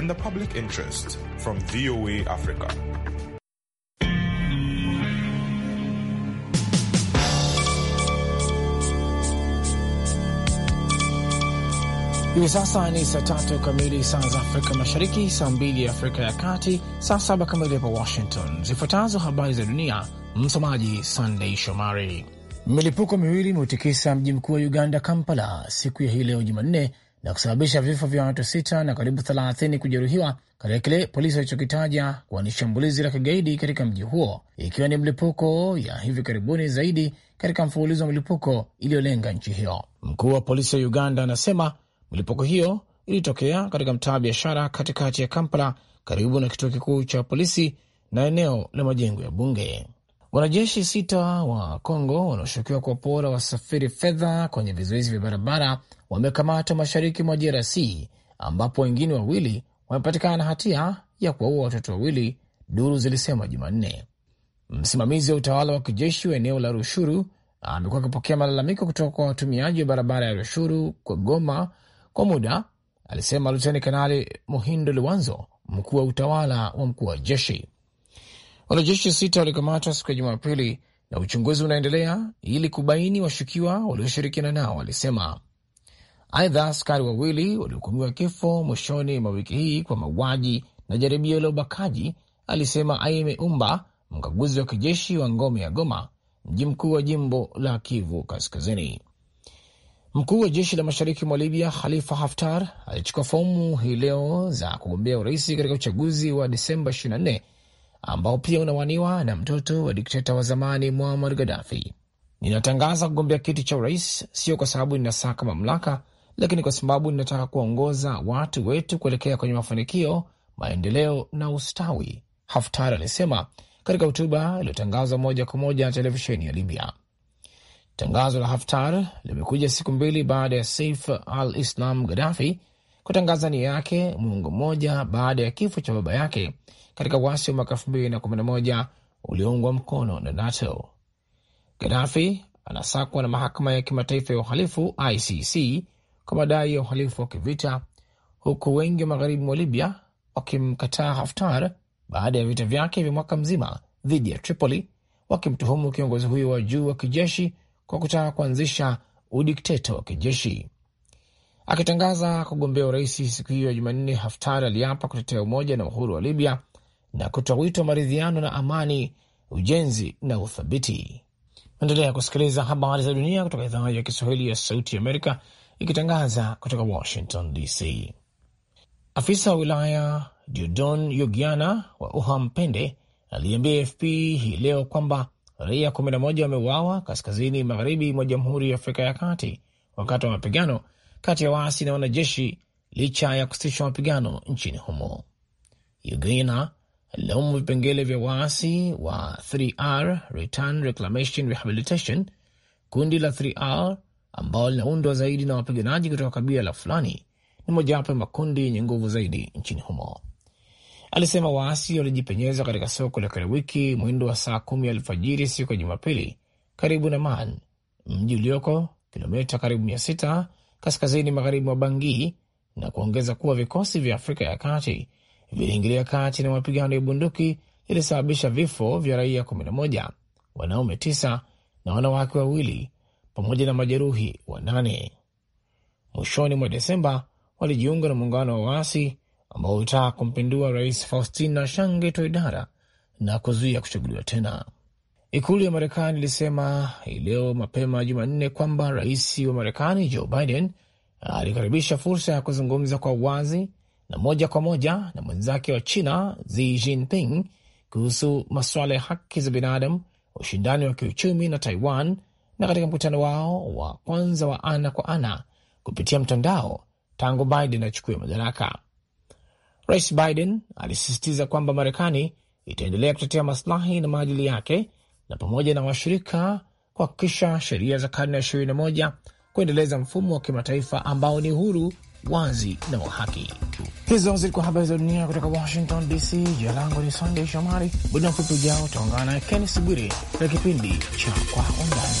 In the public interest from VOA Africa. Hivi sasa ni saa tatu kamili saa za Afrika Mashariki, saa mbili Afrika ya Kati, saa saba kamili hapa Washington. Zifuatazo habari za dunia, msomaji Sandei Shomari. Milipuko miwili imeutikisa mji mkuu wa Uganda, Kampala, siku ya hii leo Jumanne na kusababisha vifo vya watu sita na karibu thelathini kujeruhiwa katika kile polisi walichokitaja kuwa ni shambulizi la kigaidi katika mji huo, ikiwa ni mlipuko ya hivi karibuni zaidi katika mfululizo wa mlipuko iliyolenga nchi hiyo. Mkuu wa polisi wa Uganda anasema mlipuko hiyo ilitokea katika mtaa wa biashara katikati ya Kampala, karibu na kituo kikuu cha polisi na eneo la majengo ya bunge. Wanajeshi sita wa Kongo wanaoshukiwa kuwapora wasafiri fedha kwenye vizuizi vya barabara wamekamatwa mashariki mwa DRC ambapo wengine wawili wamepatikana na hatia ya kuwaua watoto wawili, duru zilisema Jumanne. Msimamizi wa utawala wa kijeshi wa eneo la Rushuru amekuwa akipokea malalamiko kutoka kwa watumiaji wa barabara ya Rushuru kwa Goma kwa muda, alisema Luteni Kanali Muhindo Luwanzo, mkuu wa utawala wa mkuu wa jeshi. Wanajeshi sita walikamatwa siku ya Jumapili na uchunguzi unaendelea ili kubaini washukiwa walioshirikiana nao, alisema. Aidha, askari wawili walihukumiwa kifo mwishoni mwa wiki hii kwa mauaji na jaribio la ubakaji, alisema Aime Umba, mkaguzi wa kijeshi wa ngome ya Goma, mji mkuu wa jimbo la Kivu Kaskazini. Mkuu wa jeshi la mashariki mwa Libya Khalifa Haftar alichukua fomu hii leo za kugombea urais katika uchaguzi wa Disemba 24 ambao pia unawaniwa na mtoto wa dikteta wa zamani Muammar Gaddafi. Ninatangaza kugombea kiti cha urais, sio kwa sababu ninasaka mamlaka, lakini kwa sababu ninataka kuwaongoza watu wetu kuelekea kwenye mafanikio, maendeleo na ustawi, Haftar alisema katika hotuba iliyotangazwa moja kwa moja na televisheni ya Libya. Tangazo la Haftar limekuja siku mbili baada ya Saif al-Islam Gaddafi kutangaza nia yake muongo mmoja baada ya kifo cha baba yake katika wasi wa mwaka 211 ulioungwa mkono na NATO. Gaddafi anasakwa na mahakama ya kimataifa ya uhalifu ICC kwa madai ya uhalifu wa kivita, huku wengi wa magharibi mwa Libya wakimkataa Haftar baada ya vita vyake vya mwaka mzima dhidi ya Tripoli, wakimtuhumu kiongozi huyo wa juu wa kijeshi kwa kutaka kuanzisha udikteta wa kijeshi. Akitangaza kugombea urais siku hiyo ya Jumanne, Haftar aliapa kutetea umoja na uhuru wa Libya na kutoa wito wa maridhiano na amani, ujenzi na uthabiti. Naendelea kusikiliza habari za dunia kutoka idhaa ya Kiswahili ya Sauti Amerika ikitangaza kutoka Washington DC. Afisa wa wilaya Diodon Yugiana wa Uhampende aliambia AFP hii leo kwamba raia 11 wameuawa kaskazini magharibi mwa Jamhuri ya Afrika ya Kati wakati wa mapigano kati ya waasi na wanajeshi licha ya kusitishwa mapigano nchini humo. Yugiana alilaumu vipengele vya waasi wa 3R Return Reclamation Rehabilitation, kundi la 3R ambao linaundwa zaidi na wapiganaji kutoka kabila la fulani ni mojawapo ya makundi yenye nguvu zaidi nchini humo. Alisema waasi walijipenyeza katika soko la Karawiki mwendo wa saa kumi alfajiri siku ya Jumapili, karibu na Man, mji ulioko kilomita karibu mia sita kaskazini magharibi mwa Bangi, na kuongeza kuwa vikosi vya Afrika ya Kati viliingilia kati na mapigano ya bunduki ilisababisha vifo vya raia kumi na moja, wanaume tisa na wanawake wawili pamoja na majeruhi wa nane Mwishoni mwa Desemba walijiunga na muungano wa waasi ambao ulitaka kumpindua Rais Faustin Archange Toidara na kuzuia kuchaguliwa tena. Ikulu ya Marekani ilisema hii leo mapema Jumanne kwamba rais wa Marekani Joe Biden alikaribisha fursa ya kuzungumza kwa uwazi na moja kwa moja na mwenzake wa China Xi Jinping kuhusu masuala ya haki za binadamu, ushindani wa kiuchumi na Taiwan na katika mkutano wao wa kwanza wa ana kwa ana kupitia mtandao tangu Biden achukue madaraka. Rais Biden alisisitiza kwamba Marekani itaendelea kutetea maslahi na maadili yake na pamoja na washirika kuhakikisha sheria za karne ya moja kuendeleza mfumo wa kimataifa ambao ni huru, wazi na wa haki. Hizo zilikuwa habari za dunia kutoka Washington DC. Jina langu ni Sandey Shomari. Muda mfupi ujao utaungana na Kennes Bwire katika kipindi cha Kwa Undani.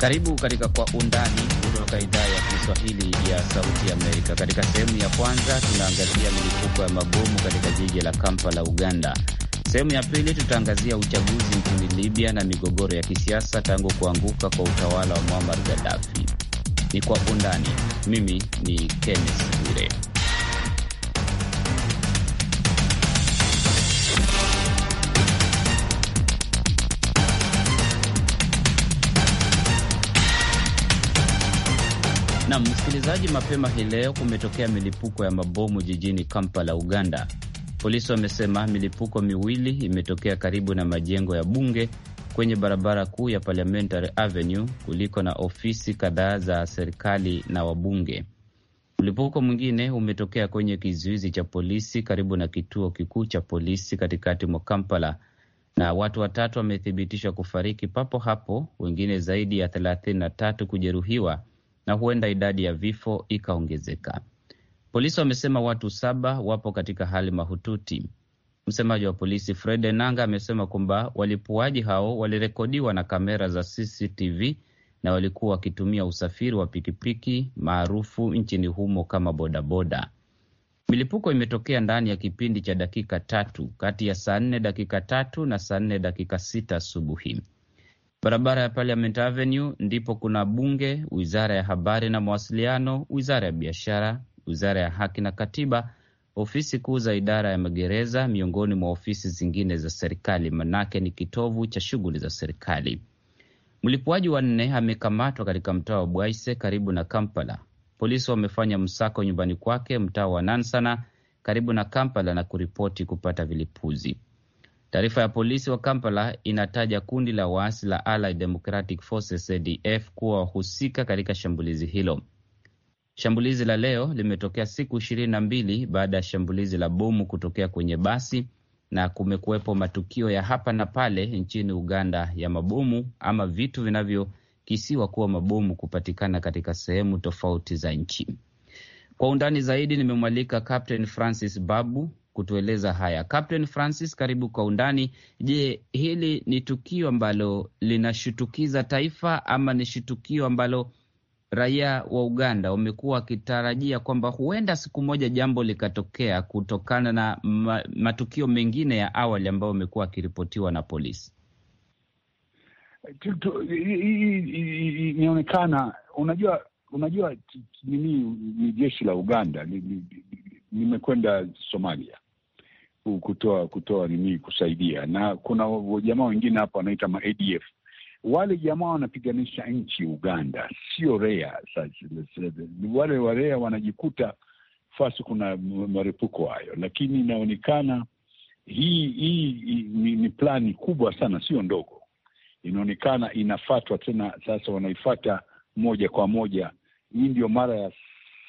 Karibu katika Kwa Undani kutoka idhaa ya Kiswahili ya Sauti ya Amerika. Katika sehemu ya kwanza, tunaangazia milipuko ya mabomu katika jiji la Kampala, Uganda. Sehemu ya pili, tutaangazia uchaguzi nchini Libya na migogoro ya kisiasa tangu kuanguka kwa utawala wa Muammar Gaddafi. Ni Kwa Undani. Mimi ni Kenneth Bwire. Na msikilizaji, mapema hii leo kumetokea milipuko ya mabomu jijini Kampala, Uganda. Polisi wamesema milipuko miwili imetokea karibu na majengo ya bunge kwenye barabara kuu ya Parliamentary Avenue kuliko na ofisi kadhaa za serikali na wabunge. Mlipuko mwingine umetokea kwenye kizuizi cha polisi karibu na kituo kikuu cha polisi katikati mwa Kampala, na watu watatu wamethibitishwa kufariki papo hapo, wengine zaidi ya thelathini na tatu kujeruhiwa na huenda idadi ya vifo ikaongezeka. Polisi wamesema watu saba wapo katika hali mahututi. Msemaji wa polisi Fred Enanga amesema kwamba walipuaji hao walirekodiwa na kamera za CCTV na walikuwa wakitumia usafiri wa pikipiki maarufu nchini humo kama bodaboda. Milipuko imetokea ndani ya kipindi cha dakika tatu kati ya saa nne dakika tatu na saa nne dakika sita asubuhi. Barabara ya Parliament Avenue ndipo kuna bunge, wizara ya habari na mawasiliano, wizara ya biashara, wizara ya haki na katiba, ofisi kuu za idara ya magereza, miongoni mwa ofisi zingine za serikali, manake ni kitovu cha shughuli za serikali. Mlipuaji wa nne amekamatwa katika mtaa wa Bwaise karibu na Kampala. Polisi wamefanya msako nyumbani kwake mtaa wa Nansana karibu na Kampala na kuripoti kupata vilipuzi. Taarifa ya polisi wa Kampala inataja kundi la waasi la Allied Democratic Forces ADF kuwa wahusika katika shambulizi hilo. Shambulizi la leo limetokea siku ishirini na mbili baada ya shambulizi la bomu kutokea kwenye basi, na kumekuwepo matukio ya hapa na pale nchini Uganda ya mabomu ama vitu vinavyokisiwa kuwa mabomu kupatikana katika sehemu tofauti za nchi. Kwa undani zaidi nimemwalika Captain Francis Babu kutueleza haya. Captain Francis, karibu kwa undani. Je, hili ni tukio ambalo linashutukiza taifa ama ni shutukio ambalo raia wa Uganda wamekuwa wakitarajia kwamba huenda siku moja jambo likatokea kutokana na matukio mengine ya awali ambayo wamekuwa wakiripotiwa na polisi? Inaonekana unajua, unajua nini, ni jeshi la Uganda nimekwenda Somalia kutoa kutoa nini kusaidia, na kuna jamaa wengine hapa wanaita ma ADF wale jamaa wanapiganisha nchi Uganda, sio REA. Wale wa REA wanajikuta fasi kuna marepuko hayo, lakini inaonekana hii hii, hii ni, ni plani kubwa sana, sio ndogo. Inaonekana inafatwa tena, sasa wanaifata moja kwa moja. Hii ndio mara ya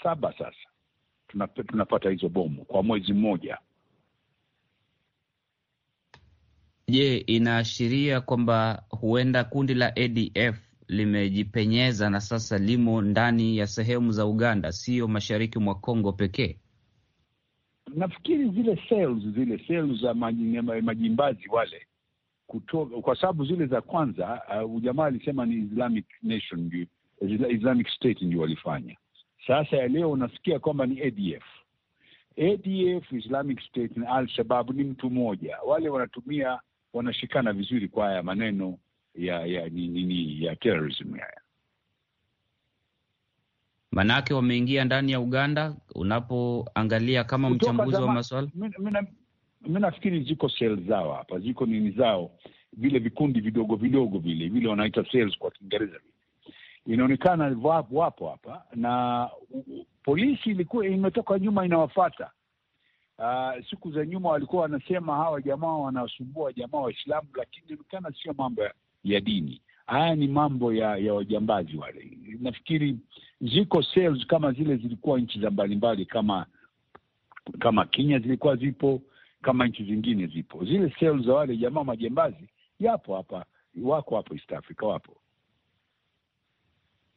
saba sasa tunapata hizo bomu kwa mwezi mmoja. Je, inaashiria kwamba huenda kundi la ADF limejipenyeza na sasa limo ndani ya sehemu za Uganda, sio mashariki mwa Kongo pekee. Nafikiri zile cells, zile cells za majimbazi wale kutoka, kwa sababu zile za kwanza uh, ujamaa alisema ni Islamic Nation, Islamic State ndio walifanya sasa ya leo unasikia kwamba ni ADF. ADF, Islamic State na Al-Shabab ni mtu mmoja, wale wanatumia wanashikana vizuri kwa haya maneno ya ya nini ya terrorism haya manake wameingia ndani ya Uganda. Unapoangalia kama mchambuzi wa maswala, mi nafikiri ziko sel zao hapa, ziko nini zao, vile vikundi vidogo vidogo vile vile wanaita kwa Kiingereza inaonekana wapo wapo hapa na polisi ilikuwa imetoka nyuma inawafata. Uh, ah, siku za nyuma walikuwa wanasema hawa jamaa wanasumbua jamaa Waislamu, lakini inaonekana sio mambo ya dini, haya ni mambo ya ya wajambazi wale. Nafikiri ziko sales kama zile zilikuwa nchi za mbalimbali kama kama Kenya zilikuwa zipo, kama nchi zingine zipo, zile sales za wale jamaa majambazi yapo hapa, wako hapo East Africa wapo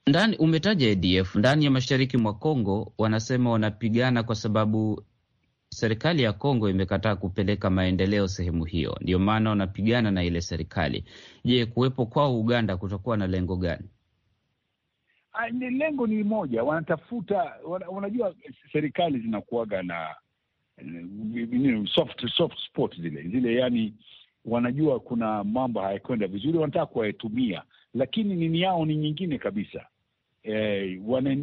ndani umetaja ADF ndani ya mashariki mwa Kongo, wanasema wanapigana kwa sababu serikali ya Kongo imekataa kupeleka maendeleo sehemu hiyo, ndio maana wanapigana na ile serikali. Je, kuwepo kwao Uganda kutakuwa na lengo gani? Ah, ni lengo ni moja, wanatafuta wana, serikali zinakuwaga na eh, soft soft spot zile zile, yani wanajua kuna mambo hayakwenda vizuri, wanataka kuwatumia, lakini nini yao ni nyingine kabisa eh, wana,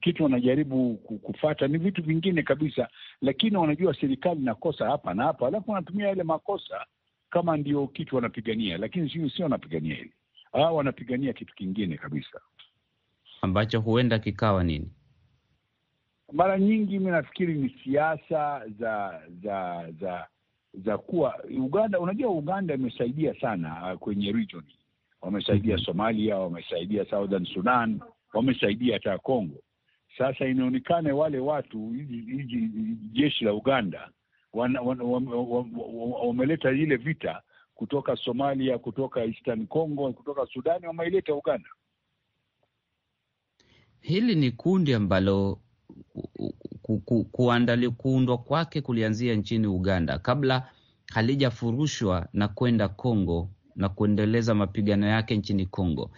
kitu wanajaribu kufata ni vitu vingine kabisa, lakini wanajua serikali inakosa hapa na hapa, alafu wanatumia yale makosa kama ndio kitu wanapigania, lakini sio sio wanapigania hili, ah, wanapigania kitu kingine kabisa ambacho huenda kikawa nini. Mara nyingi mi nafikiri ni siasa za za za za kuwa Uganda. Unajua, Uganda imesaidia sana ah, kwenye region, wamesaidia mhm. Somalia, wamesaidia Southern Sudan wamesaidia hata Kongo. Sasa inaonekana wale watu hizi jeshi la Uganda wameleta ile vita kutoka Somalia, kutoka Eastern Congo, kutoka Sudani, wameileta Uganda. Hili ni kundi ambalo ku, ku, kuandali kuundwa kwake kulianzia nchini Uganda kabla halijafurushwa na kwenda Kongo na kuendeleza mapigano yake nchini Kongo.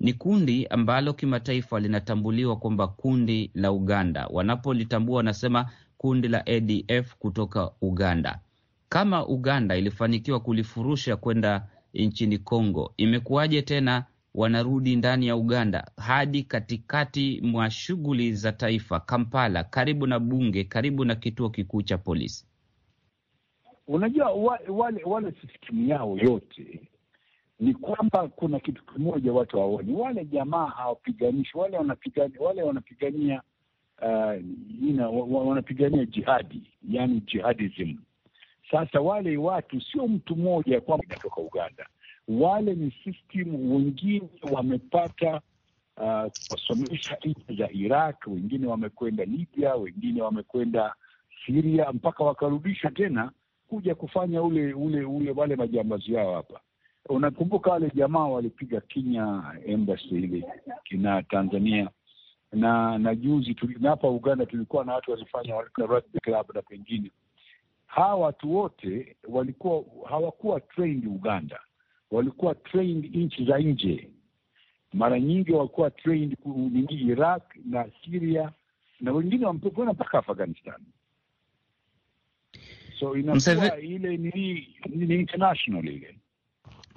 Ni kundi ambalo kimataifa linatambuliwa kwamba kundi la Uganda. Wanapolitambua wanasema kundi la ADF kutoka Uganda. Kama Uganda ilifanikiwa kulifurusha kwenda nchini congo imekuwaje tena wanarudi ndani ya Uganda hadi katikati mwa shughuli za taifa, Kampala, karibu na bunge, karibu na kituo kikuu cha polisi? Unajua wale wale, wale sistimu yao yote ni kwamba kuna kitu kimoja watu hawaoni. Wale jamaa hawapiganishi, wale wanapigania, wale wanapigania uh, wa, wa, wanapigania jihadi, yani jihadism. Sasa wale watu sio mtu mmoja kwamba inatoka Uganda, wale ni system. Wengine wamepata uh, kusomesha nchi za Iraq, wengine wamekwenda Libya, wengine wamekwenda siria mpaka wakarudishwa tena kuja kufanya ule ule ule wale majambazi yao hapa Unakumbuka wale jamaa walipiga Kenya embassy ile kina Tanzania na na juzi na hapa Uganda tulikuwa na watu walifanya rugby club na pengine hawa watu wote walikuwa hawakuwa trained Uganda, walikuwa trained nchi za nje. Mara nyingi walikuwa trained nini Iraq na Syria na wengine wamekwenda mpaka Afghanistan. So inakuwa ile ni, ni international ile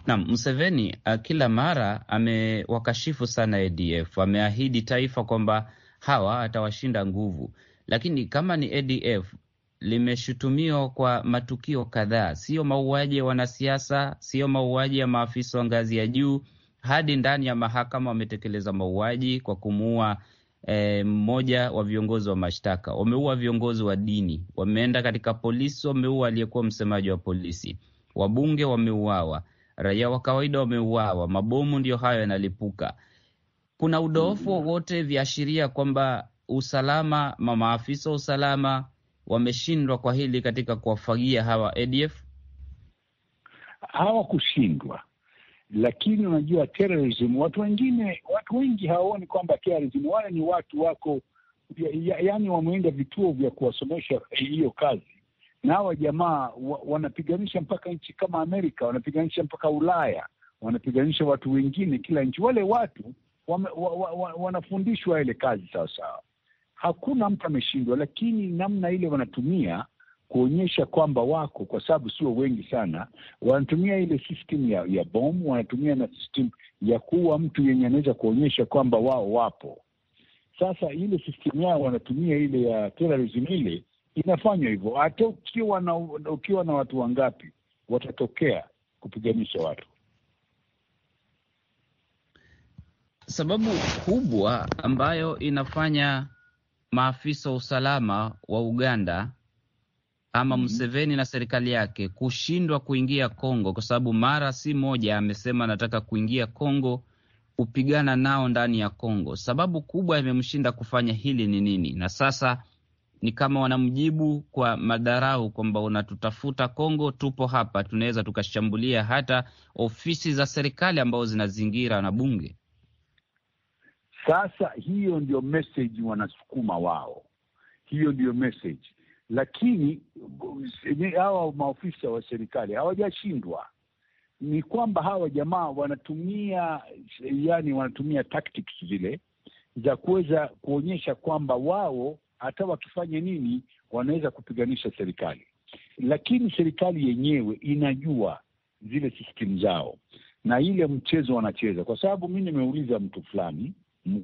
mseveni Museveni uh, kila mara amewakashifu sana ADF, ameahidi taifa kwamba hawa atawashinda nguvu, lakini kama ni ADF limeshutumiwa kwa matukio kadhaa, siyo mauaji ya wanasiasa, siyo mauaji ya maafisa wa ngazi ya juu, hadi ndani ya mahakama wametekeleza mauaji kwa kumuua eh, mmoja eh, wa viongozi wa mashtaka, wameua viongozi wa dini, wameenda katika polisi, wameua aliyekuwa msemaji wa polisi, wabunge wameuawa raia wa kawaida wameuawa, mabomu ndiyo hayo yanalipuka. Kuna udoofu wowote viashiria kwamba usalama, maafisa wa usalama wameshindwa kwa hili katika kuwafagia hawa ADF? Hawakushindwa, lakini unajua terrorism, watu wengine, watu wengi hawaoni kwamba terrorism, wale ni watu wako ya, ya, yaani wameenda vituo vya kuwasomesha hiyo kazi na hawa jamaa wa, wanapiganisha mpaka nchi kama Amerika, wanapiganisha mpaka Ulaya, wanapiganisha watu wengine kila nchi. Wale watu wame, wa, wa, wa, wanafundishwa ile kazi sawasawa, hakuna mtu ameshindwa, lakini namna ile wanatumia kuonyesha kwamba wako, kwa sababu sio wengi sana. Wanatumia ile system ya ya bomu, wanatumia na system ya kuwa mtu yenye anaweza kuonyesha kwamba wao wapo. Sasa ile system yao wanatumia ile ya terrorism ile inafanywa hivyo. Hata ukiwa na ukiwa na watu wangapi, watatokea kupiganisha watu. Sababu kubwa ambayo inafanya maafisa wa usalama wa Uganda ama mm-hmm. Museveni na serikali yake kushindwa kuingia Kongo, kwa sababu mara si moja amesema nataka kuingia Kongo kupigana nao ndani ya Kongo. Sababu kubwa imemshinda kufanya hili ni nini? Na sasa ni kama wanamjibu kwa madharau kwamba unatutafuta Kongo, tupo hapa, tunaweza tukashambulia hata ofisi za serikali ambazo zinazingira na bunge. Sasa hiyo ndio message wanasukuma wao, hiyo ndio message. Lakini eh, hawa maofisa wa serikali hawajashindwa, ni kwamba hawa jamaa wanatumia eh, yani, wanatumia tactics zile za kuweza kuonyesha kwamba wao hata wakifanya nini wanaweza kupiganisha serikali, lakini serikali yenyewe inajua zile sistimu zao na ile mchezo wanacheza, kwa sababu mi nimeuliza mtu fulani,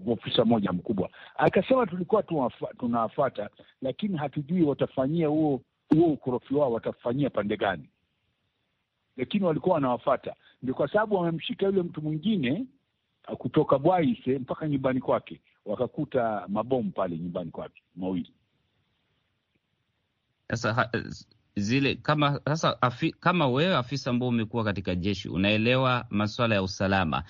ofisa mmoja mkubwa, akasema tulikuwa tunawafata, lakini hatujui watafanyia huo huo ukorofi wao watafanyia pande gani, lakini walikuwa wanawafata. Ndio kwa sababu wamemshika yule mtu mwingine kutoka Bwaise mpaka nyumbani kwake, wakakuta mabomu pale nyumbani kwake mawili. Sasa zile kama sasa afi, kama wewe afisa ambao umekuwa katika jeshi unaelewa masuala ya usalama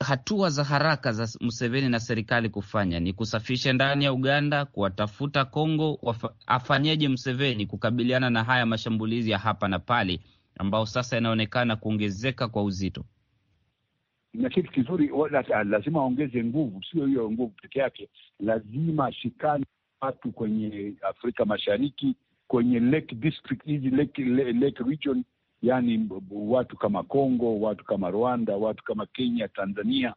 hatua za haraka za Museveni na serikali kufanya ni kusafisha ndani ya Uganda, kuwatafuta Kongo. Afanyeje Museveni kukabiliana na haya mashambulizi ya hapa na pale ambao sasa yanaonekana kuongezeka kwa uzito? na kitu kizuri, lazima aongeze nguvu, sio hiyo nguvu peke yake, lazima ashikane watu kwenye Afrika Mashariki, kwenye lake district hizi lake, lake region, yani watu kama Congo, watu kama Rwanda, watu kama Kenya, Tanzania,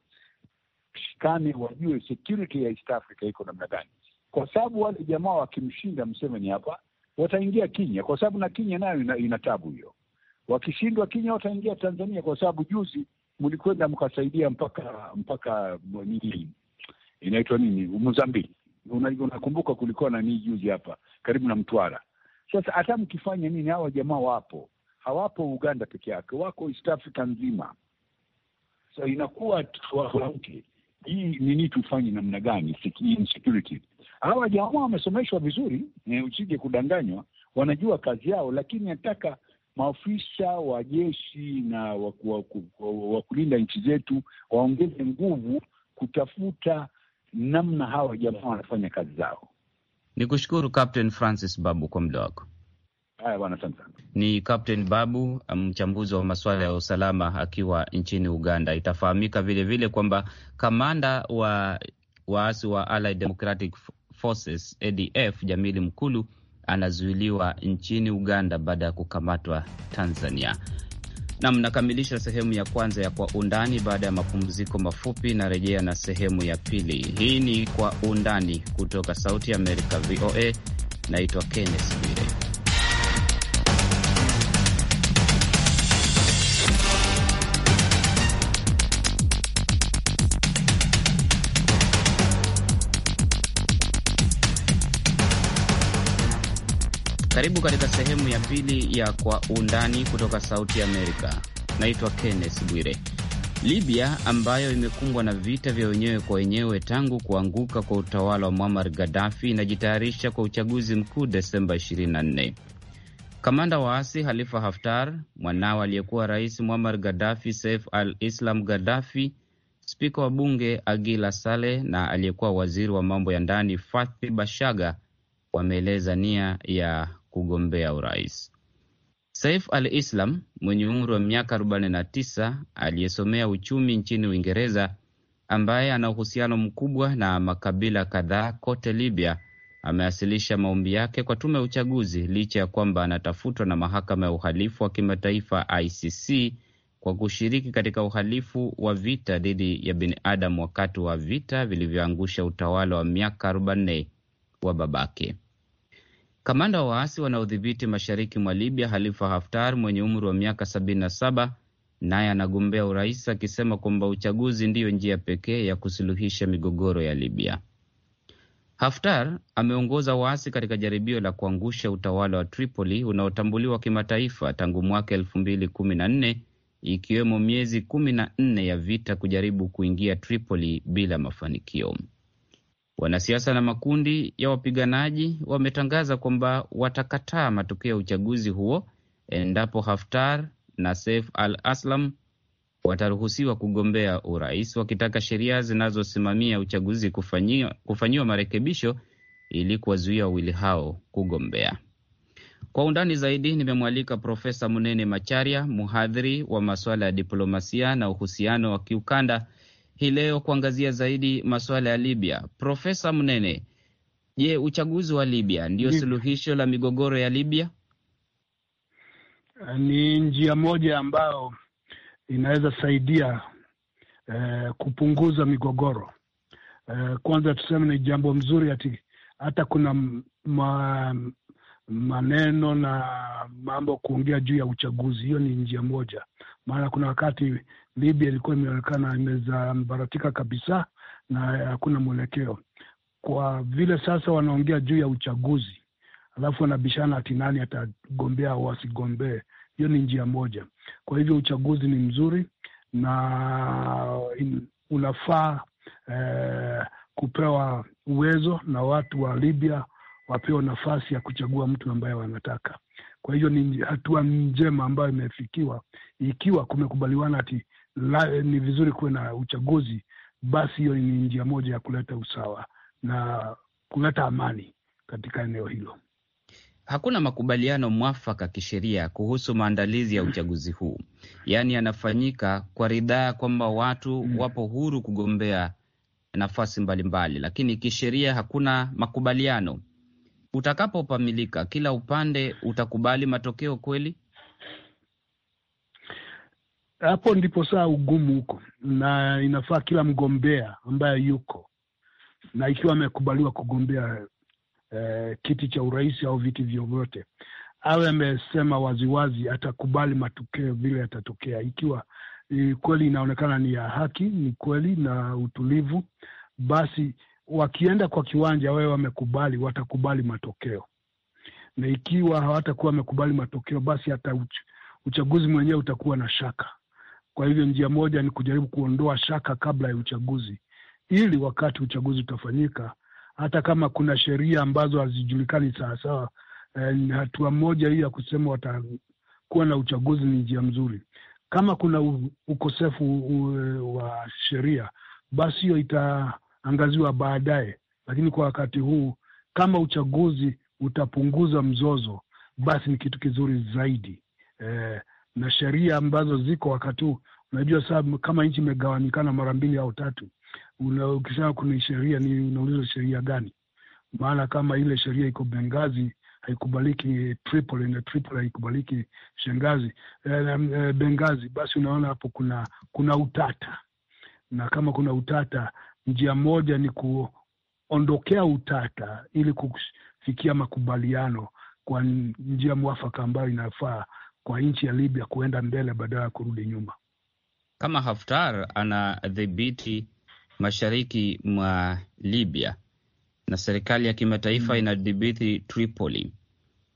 shikane wajue security ya East Africa iko namna gani, kwa sababu wale jamaa wakimshinda Mseveni hapa wataingia Kenya, kwa sababu na Kenya nayo ina, ina tabu hiyo. Wakishindwa Kenya wataingia Tanzania, kwa sababu juzi mlikwenda mkasaidia mpaka mpaka nini inaitwa nini Mozambiki. Unakumbuka una kulikuwa na nii juzi hapa karibu na Mtwara. Sasa hata mkifanya nini, hawa jamaa wapo, hawapo Uganda peke yake, wako East Africa nzima. So inakuwa tofauti hii nini, tufanye namna gani? Insecurity, hawa jamaa wamesomeshwa vizuri, eh, usije kudanganywa, wanajua kazi yao, lakini nataka maafisa wa jeshi na wa kulinda nchi zetu waongeze nguvu kutafuta namna hawa jamaa wanafanya kazi zao. Ni kushukuru Captain Francis Babu kwa muda wako. Haya bwana, asante sana. Ni Captain Babu, mchambuzi wa masuala ya usalama akiwa nchini Uganda. Itafahamika vilevile kwamba kamanda wa waasi wa Allied Democratic Forces ADF Jamili Mkulu anazuiliwa nchini Uganda baada ya kukamatwa Tanzania. Nam, nakamilisha sehemu ya kwanza ya Kwa Undani. Baada ya mapumziko mafupi, narejea na sehemu ya pili. Hii ni Kwa Undani kutoka Sauti ya Amerika, VOA. Naitwa Kenneth Bwire. Karibu katika sehemu ya pili ya Kwa Undani kutoka Sauti Amerika. Naitwa Kenneth Bwire. Libya ambayo imekumbwa na vita vya wenyewe kwa wenyewe tangu kuanguka kwa utawala wa Muammar Gaddafi inajitayarisha kwa uchaguzi mkuu Desemba 24. Kamanda waasi Halifa Haftar, mwanao aliyekuwa rais Muammar Gaddafi Saif al-Islam Gaddafi, spika wa bunge Agila Saleh na aliyekuwa waziri wa mambo ya ndani Fathi Bashaga wameeleza nia ya kugombea urais. Saif al-Islam mwenye umri wa miaka 49 aliyesomea uchumi nchini Uingereza, ambaye ana uhusiano mkubwa na makabila kadhaa kote Libya, amewasilisha maombi yake kwa tume ya uchaguzi licha ya kwamba anatafutwa na mahakama ya uhalifu wa kimataifa ICC kwa kushiriki katika uhalifu wa vita dhidi ya binadamu wakati wa vita vilivyoangusha utawala wa miaka 40 wa babake. Kamanda wa waasi wanaodhibiti mashariki mwa Libya, Halifa Haftar mwenye umri wa miaka 77 naye anagombea urais akisema kwamba uchaguzi ndiyo njia pekee ya kusuluhisha migogoro ya Libya. Haftar ameongoza waasi katika jaribio la kuangusha utawala wa Tripoli unaotambuliwa kimataifa tangu mwaka elfu mbili kumi na nne ikiwemo miezi kumi na nne ya vita kujaribu kuingia Tripoli bila mafanikio. Wanasiasa na makundi ya wapiganaji wametangaza kwamba watakataa matokeo ya uchaguzi huo endapo Haftar na Saif al-Aslam wataruhusiwa kugombea urais, wakitaka sheria zinazosimamia uchaguzi kufanyiwa marekebisho ili kuwazuia wawili hao kugombea. Kwa undani zaidi nimemwalika Profesa Munene Macharia, mhadhiri wa masuala ya diplomasia na uhusiano wa kiukanda hii leo kuangazia zaidi masuala ya Libya. Profesa Mnene, je, uchaguzi wa Libya ndio suluhisho la migogoro ya Libya? Ni njia moja ambayo inaweza saidia eh, kupunguza migogoro eh. Kwanza tuseme ni jambo mzuri ati hata kuna ma, maneno na mambo kuongea juu ya uchaguzi. Hiyo ni njia moja, maana kuna wakati Libya ilikuwa imeonekana imezambaratika kabisa na hakuna mwelekeo. Kwa vile sasa wanaongea juu ya uchaguzi, alafu wanabishana ati nani atagombea au asigombee, hiyo ni njia moja. Kwa hivyo uchaguzi ni mzuri na in, unafaa eh, kupewa uwezo na watu wa Libya wapewa nafasi ya kuchagua mtu ambaye wanataka. Kwa hiyo ni hatua njema ambayo imefikiwa, ikiwa kumekubaliwana ati la, ni vizuri kuwe na uchaguzi, basi hiyo ni njia moja ya kuleta usawa na kuleta amani katika eneo hilo. Hakuna makubaliano mwafaka kisheria kuhusu maandalizi ya uchaguzi huu, yaani yanafanyika kwa ridhaa kwamba watu mm. wapo huru kugombea nafasi mbalimbali mbali, lakini kisheria hakuna makubaliano utakapopamilika kila upande utakubali matokeo kweli? Hapo ndipo saa ugumu huko, na inafaa kila mgombea ambaye yuko na ikiwa amekubaliwa kugombea eh, kiti cha urais au viti vyovyote, awe amesema waziwazi atakubali matokeo vile yatatokea, ikiwa eh, kweli inaonekana ni ya haki, ni kweli na utulivu, basi wakienda kwa kiwanja wawe wamekubali, watakubali matokeo, na ikiwa hawatakuwa wamekubali matokeo, basi hata uchaguzi mwenyewe utakuwa na shaka. Kwa hivyo njia moja ni kujaribu kuondoa shaka kabla ya uchaguzi, ili wakati uchaguzi utafanyika, hata kama kuna sheria ambazo hazijulikani sawasawa, eh, hatua moja hii ya kusema watakuwa na uchaguzi ni njia mzuri. Kama kuna ukosefu wa sheria, basi hiyo ita angaziwa baadaye, lakini kwa wakati huu kama uchaguzi utapunguza mzozo, basi ni kitu kizuri zaidi E, na sheria ambazo ziko wakati huu unajua sasa, kama nchi imegawanyikana mara mbili au tatu, ukisema kuna sheria ni unauliza sheria gani? Maana kama ile sheria iko Bengazi haikubaliki Tripoli na Tripoli haikubaliki Shengazi e, eh, e, eh, Bengazi, basi unaona hapo kuna kuna utata, na kama kuna utata Njia moja ni kuondokea utata ili kufikia makubaliano kwa njia mwafaka ambayo inafaa kwa nchi ya Libya kuenda mbele badala ya kurudi nyuma. Kama Haftar anadhibiti mashariki mwa Libya na serikali ya kimataifa mm, inadhibiti Tripoli.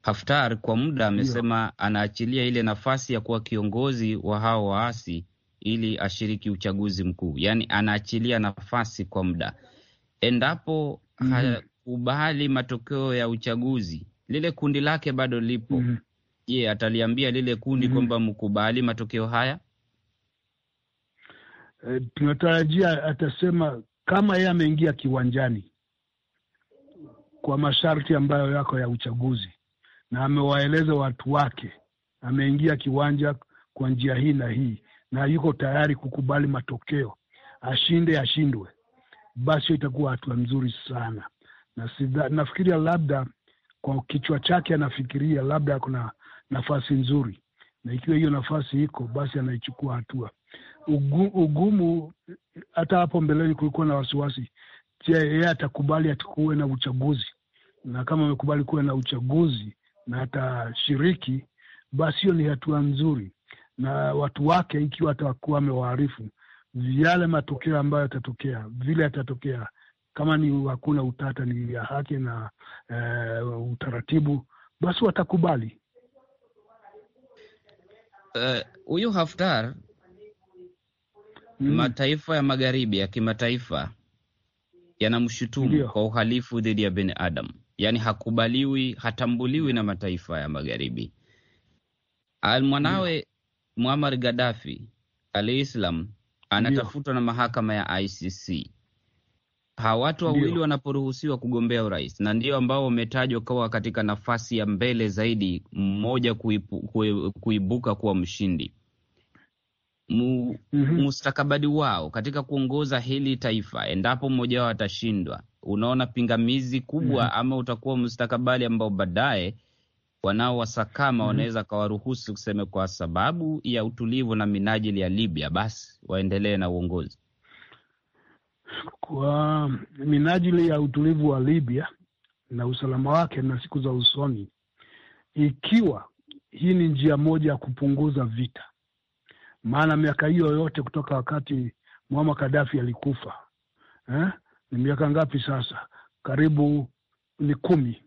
Haftar kwa muda amesema anaachilia ile nafasi ya kuwa kiongozi wa hao waasi ili ashiriki uchaguzi mkuu, yaani anaachilia nafasi kwa muda endapo mm -hmm. hakubali matokeo ya uchaguzi, lile kundi lake bado lipo. mm -hmm. Je, ataliambia lile kundi mm -hmm. kwamba mkubali matokeo haya? E, tunatarajia atasema kama yeye ameingia kiwanjani kwa masharti ambayo yako ya uchaguzi na amewaeleza watu wake ameingia kiwanja kwa njia hii na hii, na yuko tayari kukubali matokeo, ashinde ashindwe, basi itakuwa hatua nzuri sana na sida, nafikiria labda kwa kichwa chake anafikiria labda kuna na nafasi nzuri, na ikiwa hiyo nafasi iko basi anaichukua hatua. Ugu, ugumu hata hapo mbeleni kulikuwa na wasiwasi, je, yeye atakubali atakuwe na uchaguzi? Na kama amekubali kuwe na uchaguzi na atashiriki, basi hiyo ni hatua nzuri, na watu wake, ikiwa atakuwa amewaarifu yale matokeo ambayo yatatokea, vile yatatokea, kama ni hakuna utata, ni ya haki na e, utaratibu, basi watakubali. Eh, huyu uh, Haftar mm. mataifa ya magharibi ya kimataifa yanamshutumu kwa uhalifu dhidi ya binadamu, yaani hakubaliwi, hatambuliwi na mataifa ya magharibi. Mwanawe Muammar Gaddafi alislam anatafutwa na mahakama ya ICC. Hawa watu wawili wanaporuhusiwa kugombea urais, na ndio ambao wametajwa kuwa katika nafasi ya mbele zaidi, mmoja kuipu, kui, kuibuka kuwa mshindi Mu, mm -hmm. Mustakabali wao katika kuongoza hili taifa, endapo mmoja wao atashindwa, unaona pingamizi kubwa mm -hmm. ama utakuwa mustakabali ambao baadaye wanaowasakama mhm. wanaweza kawaruhusu kuseme, kwa sababu ya utulivu na minajili ya Libya, basi waendelee na uongozi kwa minajili ya utulivu wa Libya na usalama wake na siku za usoni, ikiwa hii ni njia moja ya kupunguza vita. Maana miaka hiyo yote kutoka wakati Muammar Gaddafi alikufa eh, ni miaka ngapi sasa? Karibu ni kumi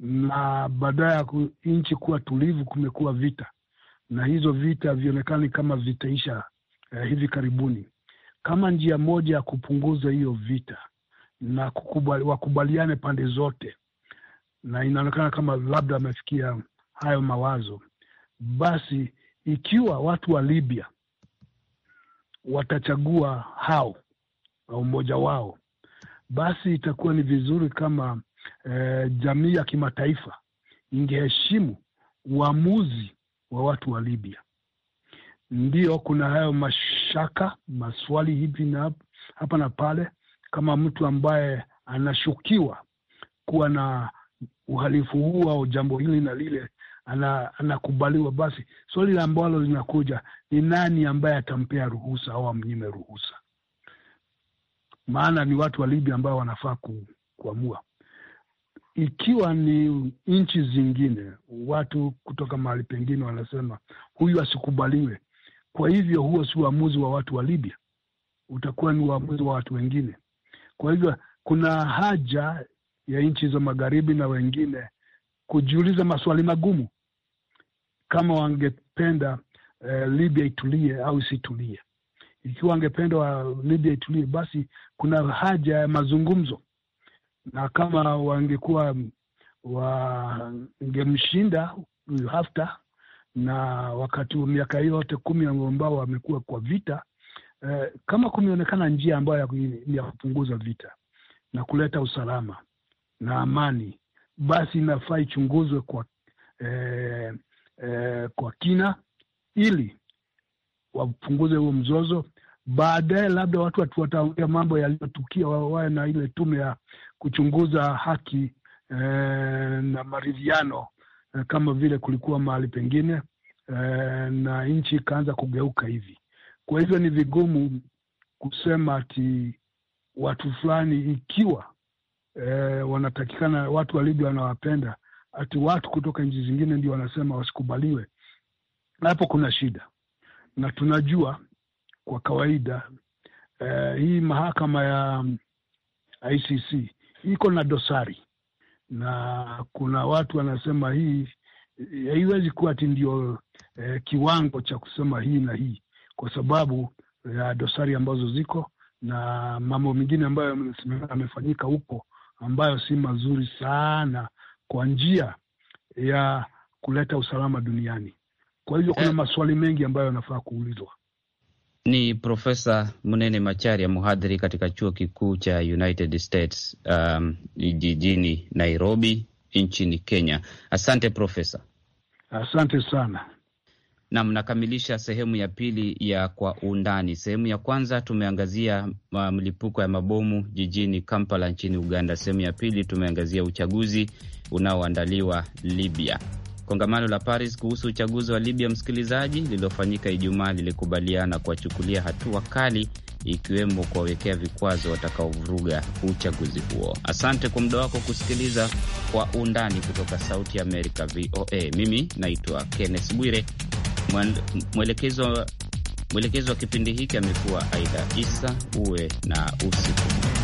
na baadaye ya nchi kuwa tulivu kumekuwa vita, na hizo vita havionekani kama vitaisha eh, hivi karibuni. Kama njia moja ya kupunguza hiyo vita na kukubali, wakubaliane pande zote, na inaonekana kama labda amefikia hayo mawazo, basi ikiwa watu wa Libya watachagua hao au mmoja wao, basi itakuwa ni vizuri kama eh, jamii ya kimataifa ingeheshimu uamuzi wa watu wa Libya. ndio kuna hayo mashaka, maswali hivi na hapa na pale, kama mtu ambaye anashukiwa kuwa na uhalifu huu au jambo hili na lile anakubaliwa, basi, swali ambalo linakuja ni nani ambaye atampea ruhusa au amnyime ruhusa? Maana ni watu wa Libya ambao wanafaa ku, kuamua ikiwa ni nchi zingine, watu kutoka mahali pengine wanasema huyu asikubaliwe. Kwa hivyo huo si uamuzi wa watu wa Libya, utakuwa ni uamuzi wa watu wengine. Kwa hivyo kuna haja ya nchi za magharibi na wengine kujiuliza maswali magumu kama wangependa eh, Libya itulie au isitulie. Ikiwa wangependa Libya itulie, basi kuna haja ya mazungumzo na kama wangekuwa wangemshinda huyu hafta na wakati wa miaka yote kumi ambao wamekuwa kwa vita eh, kama kumeonekana njia ambayo ya kupunguza vita na kuleta usalama na amani, basi inafaa ichunguzwe kwa, eh, eh, kwa kina ili wapunguze huo mzozo. Baadaye labda watu wataongea mambo yaliyotukia, wawe na ile tume ya kuchunguza haki e, na maridhiano e, kama vile kulikuwa mahali pengine e, na nchi ikaanza kugeuka hivi. Kwa hivyo ni vigumu kusema ati watu fulani ikiwa e, wanatakikana watu wa Libya wanawapenda ati watu kutoka nchi zingine ndio wanasema wasikubaliwe. Hapo kuna shida, na tunajua kwa kawaida e, hii mahakama ya ICC iko na dosari, na kuna watu wanasema hii haiwezi kuwa ati ndio eh, kiwango cha kusema hii na hii, kwa sababu ya dosari ambazo ziko na mambo mengine ambayo yamefanyika huko ambayo si mazuri sana kwa njia ya kuleta usalama duniani. Kwa hivyo kuna eh. maswali mengi ambayo yanafaa kuulizwa. Ni Profesa Munene Macharia, mhadhiri katika chuo kikuu cha United States um, jijini Nairobi nchini Kenya. Asante Profesa. Asante sana. Nam, nakamilisha sehemu ya pili ya Kwa Undani. Sehemu ya kwanza tumeangazia uh, mlipuko ya mabomu jijini Kampala nchini Uganda. Sehemu ya pili tumeangazia uchaguzi unaoandaliwa Libya. Kongamano la Paris kuhusu uchaguzi wa Libya, msikilizaji, lililofanyika Ijumaa lilikubaliana kuwachukulia hatua kali ikiwemo kuwawekea vikwazo watakaovuruga uchaguzi huo. Asante kwa muda wako kusikiliza Kwa Undani kutoka Sauti ya Amerika, VOA. Mimi naitwa Kenneth Bwire, mwelekezi wa kipindi hiki amekuwa Aida Isa. Uwe na usiku